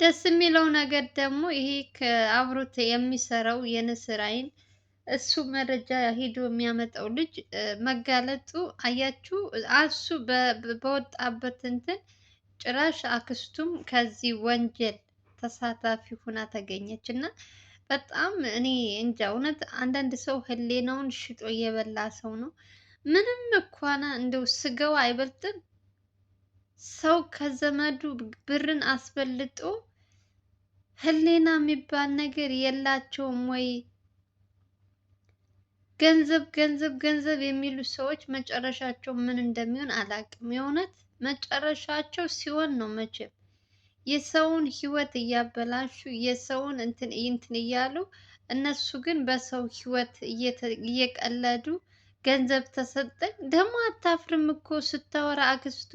ደስ የሚለው ነገር ደግሞ ይሄ ከአብሮት የሚሰራው የንስር አይን እሱ መረጃ ሄዶ የሚያመጣው ልጅ መጋለጡ አያችሁ። እሱ በወጣበት እንትን ጭራሽ አክስቱም ከዚህ ወንጀል ተሳታፊ ሁና ተገኘች እና በጣም እኔ እንጃ እውነት አንዳንድ ሰው ህሌናውን ሽጦ እየበላ ሰው ነው። ምንም እንኳን እንደው ስጋው አይበልጥም። ሰው ከዘመዱ ብርን አስበልጦ ህሊና የሚባል ነገር የላቸውም ወይ? ገንዘብ ገንዘብ ገንዘብ የሚሉ ሰዎች መጨረሻቸው ምን እንደሚሆን አላውቅም። የእውነት መጨረሻቸው ሲሆን ነው መቼም የሰውን ህይወት እያበላሹ የሰውን እንትን እንትን እያሉ እነሱ ግን በሰው ህይወት እየቀለዱ ገንዘብ ተሰጠኝ ደግሞ አታፍርም እኮ ስታወራ አክስቱ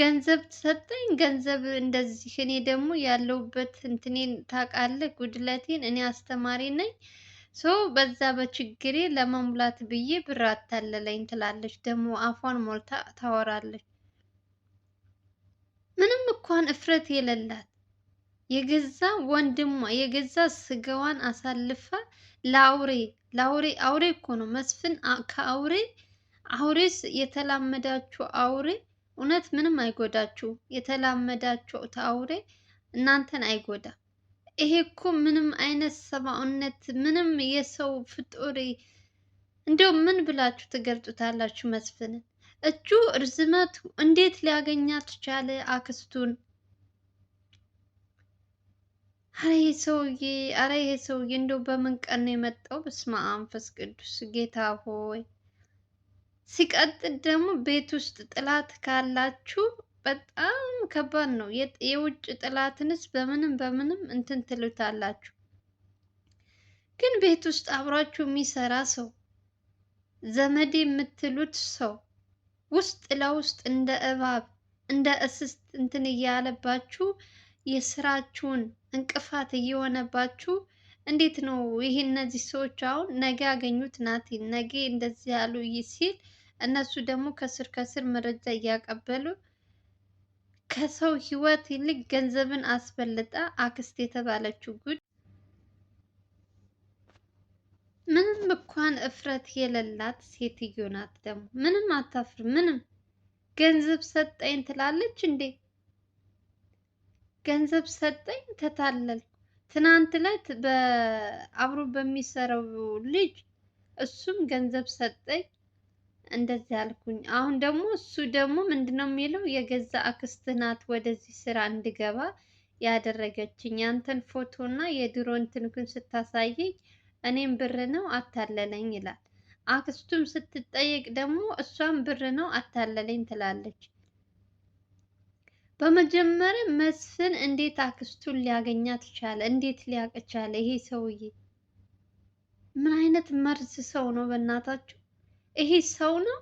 ገንዘብ ሰጠኝ ገንዘብ እንደዚህ። እኔ ደግሞ ያለሁበት እንትኔን ታውቃለህ፣ ጉድለቴን። እኔ አስተማሪ ነኝ ሰው በዛ በችግሬ ለመሙላት ብዬ ብር አታለለኝ ትላለች። ደግሞ አፏን ሞልታ ታወራለች። ምንም እንኳን እፍረት የሌላት የገዛ ወንድሟ የገዛ ስጋዋን አሳልፋ ለአውሬ ለአውሬ አውሬ እኮ ነው መስፍን ከአውሬ አውሬስ የተላመዳችሁ አውሬ እውነት ምንም አይጎዳችሁ። የተላመዳችሁት አውሬ እናንተን አይጎዳ። ይሄ እኮ ምንም አይነት ሰብአዊነት ምንም የሰው ፍጡር እንደው ምን ብላችሁ ትገልጡታላችሁ? መስፍንን እጁ እርዝመቱ እንዴት ሊያገኛት ቻለ? አክስቱን አረ ይሄ ሰውዬ አረ ይሄ ሰውዬ እንደው በምን ቀን ነው የመጣው? በስመ አብ መንፈስ ቅዱስ ጌታ ሆይ ሲቀጥል ደግሞ ቤት ውስጥ ጥላት ካላችሁ በጣም ከባድ ነው። የውጭ ጥላትንስ በምንም በምንም እንትን ትሉታላችሁ፣ ግን ቤት ውስጥ አብሯችሁ የሚሰራ ሰው ዘመድ የምትሉት ሰው ውስጥ ለውስጥ እንደ እባብ እንደ እስስት እንትን እያለባችሁ የስራችሁን እንቅፋት እየሆነባችሁ እንዴት ነው ይህ? እነዚህ ሰዎች አሁን ነገ ያገኙት ናቲ ነገ እንደዚህ ያሉ ሲል እነሱ ደግሞ ከስር ከስር መረጃ እያቀበሉ ከሰው ህይወት ይልቅ ገንዘብን አስበልጣ አክስት የተባለችው ጉድ ምንም እንኳን እፍረት የሌላት ሴትዮ ናት። ደግሞ ምንም አታፍር። ምንም ገንዘብ ሰጠኝ ትላለች እንዴ! ገንዘብ ሰጠኝ ተታለል። ትናንት ዕለት አብሮ በሚሰራው ልጅ እሱም ገንዘብ ሰጠኝ እንደዚህ አልኩኝ። አሁን ደግሞ እሱ ደግሞ ምንድነው የሚለው የገዛ አክስትህ ናት ወደዚህ ስራ እንድገባ ያደረገችኝ ያንተን ፎቶ እና የድሮ እንትንክን ስታሳየኝ እኔም ብር ነው አታለለኝ ይላል። አክስቱም ስትጠየቅ ደግሞ እሷም ብር ነው አታለለኝ ትላለች። በመጀመሪያ መስፍን እንዴት አክስቱን ሊያገኛት ቻለ? እንዴት ሊያቅ ቻለ? ይሄ ሰውዬ ምን አይነት መርዝ ሰው ነው በእናታችሁ? ይሄ ሰው ነው?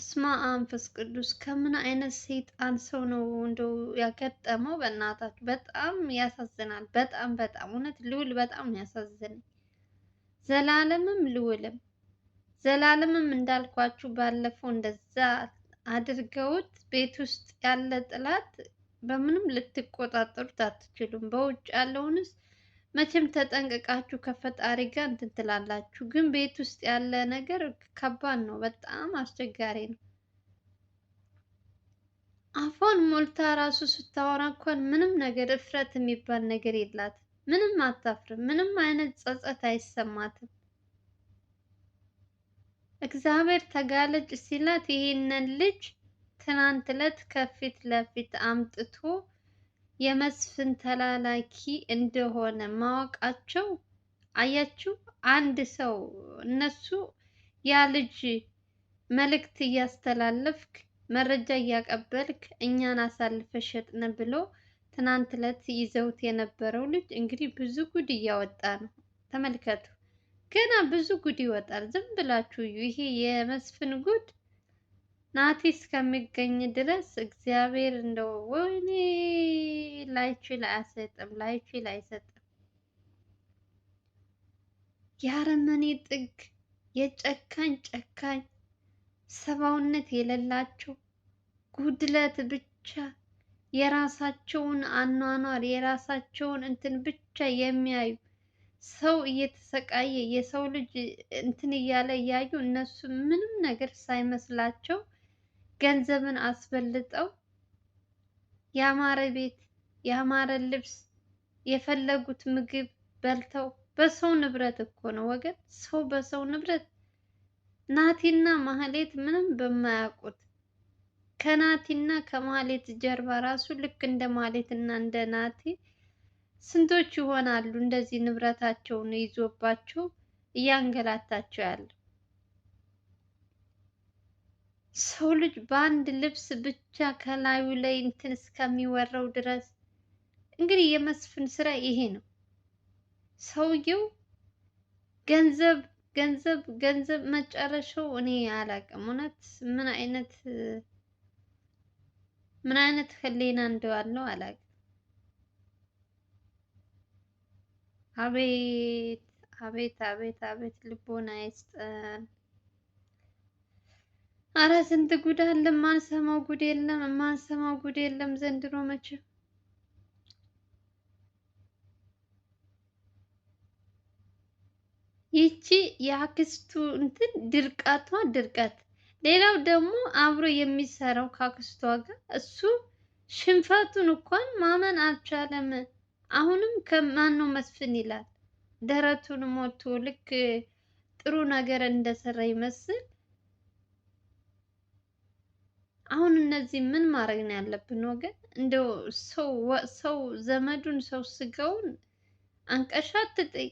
እስማ አንፈስ ቅዱስ ከምን አይነት ሰይጣን ሰው ነው እንደው ያገጠመው? በእናታችሁ በጣም ያሳዝናል። በጣም በጣም እውነት ልዑል በጣም ያሳዝናል። ዘላለምም ልውልም ዘላለምም እንዳልኳችሁ ባለፈው እንደዛ አድርገውት ቤት ውስጥ ያለ ጥላት በምንም ልትቆጣጠሩት አትችሉም። በውጭ ያለውንስ መቼም ተጠንቅቃችሁ ከፈጣሪ ጋር እንትን ትላላችሁ፣ ግን ቤት ውስጥ ያለ ነገር ከባድ ነው። በጣም አስቸጋሪ ነው። አፏን ሞልታ ራሱ ስታወራ እንኳን ምንም ነገር እፍረት የሚባል ነገር የላት ምንም አታፍርም። ምንም አይነት ጸጸት አይሰማትም። እግዚአብሔር ተጋለጭ ሲላት ይሄንን ልጅ ትናንት ዕለት ከፊት ለፊት አምጥቶ የመስፍን ተላላኪ እንደሆነ ማወቃቸው አያችሁ። አንድ ሰው እነሱ ያ ልጅ መልእክት እያስተላለፍክ መረጃ እያቀበልክ እኛን አሳልፈ ሸጥነ ብሎ ትናንት ዕለት ይዘውት የነበረው ልጅ እንግዲህ ብዙ ጉድ እያወጣ ነው። ተመልከቱ፣ ገና ብዙ ጉድ ይወጣል። ዝም ብላችሁ እዩ። ይሄ የመስፍን ጉድ ናቲ እስከሚገኝ ድረስ እግዚአብሔር እንደው ወይኔ ላይችል አይሰጥም፣ ላይችል አይሰጥም። የአረመኔ ጥግ፣ የጨካኝ ጨካኝ፣ ሰብአዊነት የሌላቸው ጉድለት ብቻ የራሳቸውን አኗኗር የራሳቸውን እንትን ብቻ የሚያዩ ሰው እየተሰቃየ የሰው ልጅ እንትን እያለ እያዩ እነሱ ምንም ነገር ሳይመስላቸው ገንዘብን አስበልጠው ያማረ ቤት ያማረ ልብስ የፈለጉት ምግብ በልተው በሰው ንብረት እኮ ነው ወገን፣ ሰው በሰው ንብረት ናቲና ማህሌት ምንም በማያውቁት ከናቲና ከማህሌት ጀርባ ራሱ ልክ እንደ ማህሌት እና እንደ ናቲ ስንቶች ይሆናሉ እንደዚህ ንብረታቸውን ይዞባቸው እያንገላታቸው ያለው። ሰው ልጅ በአንድ ልብስ ብቻ ከላዩ ላይ እንትን እስከሚወራው ድረስ እንግዲህ የመስፍን ስራ ይሄ ነው። ሰውየው ገንዘብ ገንዘብ ገንዘብ መጨረሻው እኔ አላውቅም። እውነት ምን አይነት ምን አይነት ህሊና እንደዋለው አላውቅም። አቤት አቤት አቤት አቤት ልቦና ይስጠን። አረ ስንት ጉድ አለ! ጉድ የለም፣ ማንሰማው ጉድ የለም ዘንድሮ መቼም። ይቺ የአክስቱ እንትን ድርቀቷ ድርቀት። ሌላው ደግሞ አብሮ የሚሰራው ከአክስቷ ጋር እሱ ሽንፈቱን እንኳን ማመን አልቻለም። አሁንም ነው መስፍን ይላል። ደረቱን ሞቶ ልክ ጥሩ ነገር እንደሰራ ይመስል አሁን እነዚህ ምን ማድረግ ነው ያለብን ወገን? እንደው ሰው ሰው ዘመዱን ሰው ስጋውን አንቀሻ ትጠይ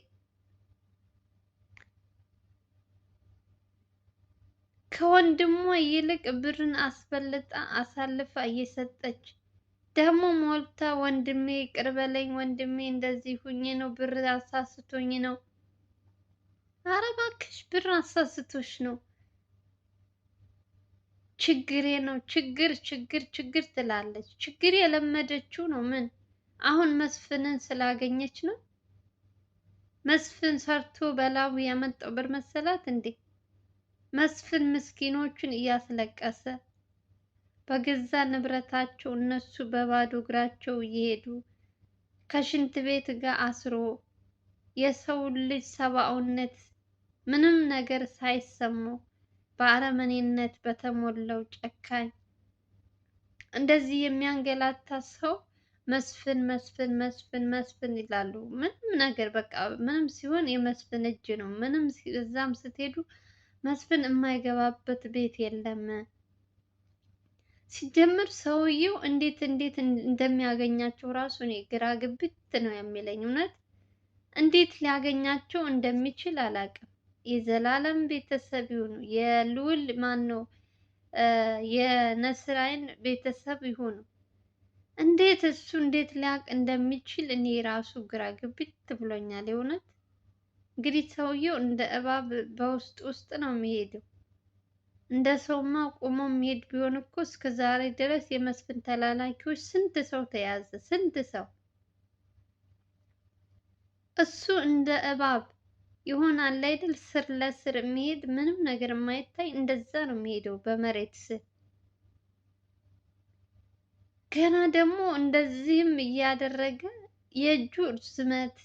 ከወንድሟ ይልቅ ብርን አስበልጣ አሳልፋ እየሰጠች ደግሞ ሞልታ ወንድሜ ቅርበለኝ፣ ወንድሜ እንደዚህ ሁኜ ነው ብር አሳስቶኝ ነው። ኧረ እባክሽ ብር አሳስቶሽ ነው ችግሬ ነው ችግር ችግር ችግር ትላለች። ችግር የለመደችው ነው። ምን አሁን መስፍንን ስላገኘች ነው። መስፍን ሰርቶ በላቡ ያመጣው ብር መሰላት እንዴ? መስፍን ምስኪኖቹን እያስለቀሰ በገዛ ንብረታቸው እነሱ በባዶ እግራቸው እየሄዱ ከሽንት ቤት ጋር አስሮ የሰው ልጅ ሰብአውነት ምንም ነገር ሳይሰማው በአረመኔነት በተሞላው ጨካኝ እንደዚህ የሚያንገላታ ሰው መስፍን መስፍን መስፍን መስፍን ይላሉ። ምንም ነገር በቃ ምንም ሲሆን የመስፍን እጅ ነው። ምንም እዛም ስትሄዱ መስፍን የማይገባበት ቤት የለም። ሲጀምር ሰውየው እንዴት እንዴት እንደሚያገኛቸው ራሱ እኔ ግራ ግብት ነው የሚለኝ። እውነት እንዴት ሊያገኛቸው እንደሚችል አላውቅም። የዘላለም ቤተሰብ ይሁኑ። የልዑል ማን ነው? የነስራይን ቤተሰብ ይሁኑ። እንዴት እሱ እንዴት ሊያውቅ እንደሚችል እኔ ራሱ ግራ ግብት ብሎኛል። የእውነት እንግዲህ ሰውየው እንደ እባብ በውስጥ ውስጥ ነው የሚሄደው። እንደ ሰውማ ቆሞ የሚሄድ ቢሆን እኮ እስከ ዛሬ ድረስ የመስፍን ተላላኪዎች ስንት ሰው ተያዘ፣ ስንት ሰው እሱ እንደ እባብ የሆነ አለ አይደል ስር ለስር የሚሄድ ምንም ነገር የማይታይ እንደዛ ነው የሚሄደው በመሬት ስር። ገና ደግሞ እንደዚህም እያደረገ የእጁ ርዝመት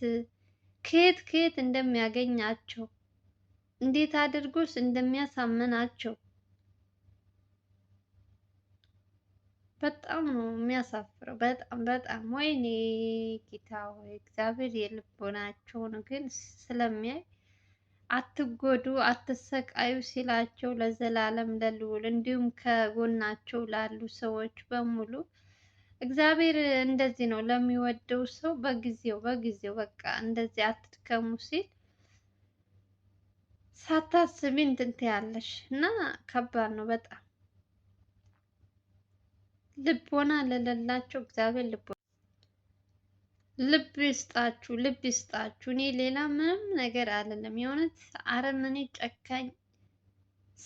ከየት ከየት እንደሚያገኛቸው እንዴት አድርጎስ እንደሚያሳምናቸው በጣም ነው የሚያሳፍረው። በጣም በጣም ወይኔ ጌታ ሆይ እግዚአብሔር የልቦናቸውን ግን ስለሚያይ አትጎዱ፣ አትሰቃዩ ሲላቸው ለዘላለም ለልዑል እንዲሁም ከጎናቸው ላሉ ሰዎች በሙሉ እግዚአብሔር እንደዚህ ነው ለሚወደው ሰው በጊዜው በጊዜው በቃ እንደዚህ አትድከሙ ሲል ሳታስቢ እንትን ትያለሽ እና ከባድ ነው በጣም ልቦና ለሌላቸው እግዚአብሔር ልቦና ልብ ይስጣችሁ፣ ልብ ይስጣችሁ። እኔ ሌላ ምንም ነገር አይደለም። የእውነት አረመኔ፣ ጨካኝ፣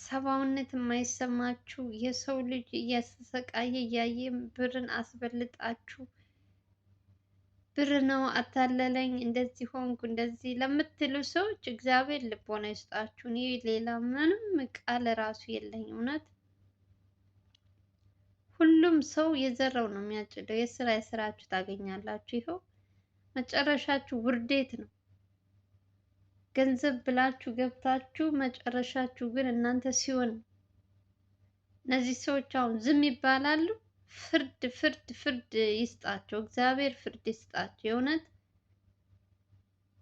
ሰብአዊነት የማይሰማችሁ የሰው ልጅ እያስተሰቃየ እያየ ብርን አስበልጣችሁ ብር ነው አታለለኝ፣ እንደዚህ ሆንኩ፣ እንደዚህ ለምትሉ ሰዎች እግዚአብሔር ልቦና ይስጣችሁ። እኔ ሌላ ምንም ቃል ራሱ የለኝ እውነት ሁሉም ሰው የዘራው ነው የሚያጭደው። የስራ የስራችሁ ታገኛላችሁ። ይኸው መጨረሻችሁ ውርዴት ነው። ገንዘብ ብላችሁ ገብታችሁ መጨረሻችሁ ግን እናንተ ሲሆን እነዚህ ሰዎች አሁን ዝም ይባላሉ። ፍርድ ፍርድ ፍርድ ይስጣቸው እግዚአብሔር ፍርድ ይስጣቸው። የእውነት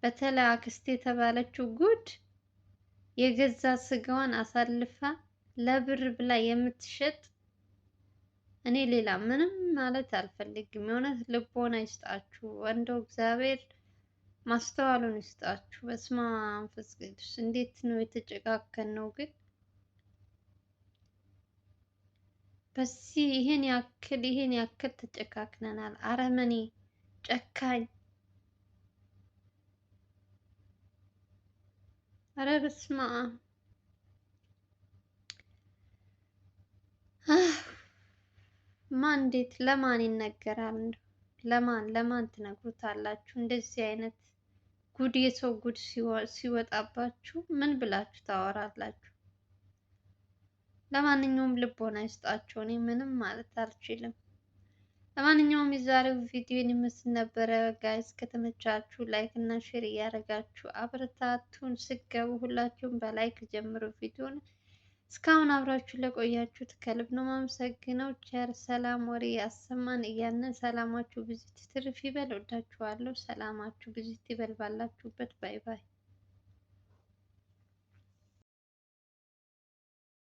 በተለይ አክስቴ የተባለችው ጉድ የገዛ ስጋዋን አሳልፋ ለብር ብላ የምትሸጥ እኔ ሌላ ምንም ማለት አልፈልግም። የእውነት ልቦና ይስጣችሁ፣ እንደው እግዚአብሔር ማስተዋሉን ይስጣችሁ። በስመ አብ መንፈስ ቅዱስ እንዴት ነው የተጨካከን ነው ግን በዚህ ይህን ያክል ይህን ያክል ተጨካክነናል። አረመኔ ጨካኝ፣ ረ በስመ አብ ማን እንዴት ለማን ይነገራል? ለማን ለማን ትነግሩታላችሁ? እንደዚህ አይነት ጉድ የሰው ጉድ ሲወጣባችሁ ምን ብላችሁ ታወራላችሁ? ለማንኛውም ልቦና ይስጣችሁ። እኔ ምንም ማለት አልችልም። ለማንኛውም የዛሬው ቪዲዮን ይመስል ነበረ ጋይስ። ከተመቻችሁ ላይክ እና ሼር እያደረጋችሁ አብረታቱን። ስገቡ ሁላችሁም በላይክ ጀምሩ ቪዲዮን። እስካሁን አብራችሁ ለቆያችሁት ከልብ ነው ማመሰግነው። ቸር ሰላም ወሬ ያሰማን እያልን ሰላማችሁ ብዙ ትርፍ ይበል። ወዳችኋለሁ። ሰላማችሁ ብዙ ይበል ባላችሁበት። ባይ ባይ።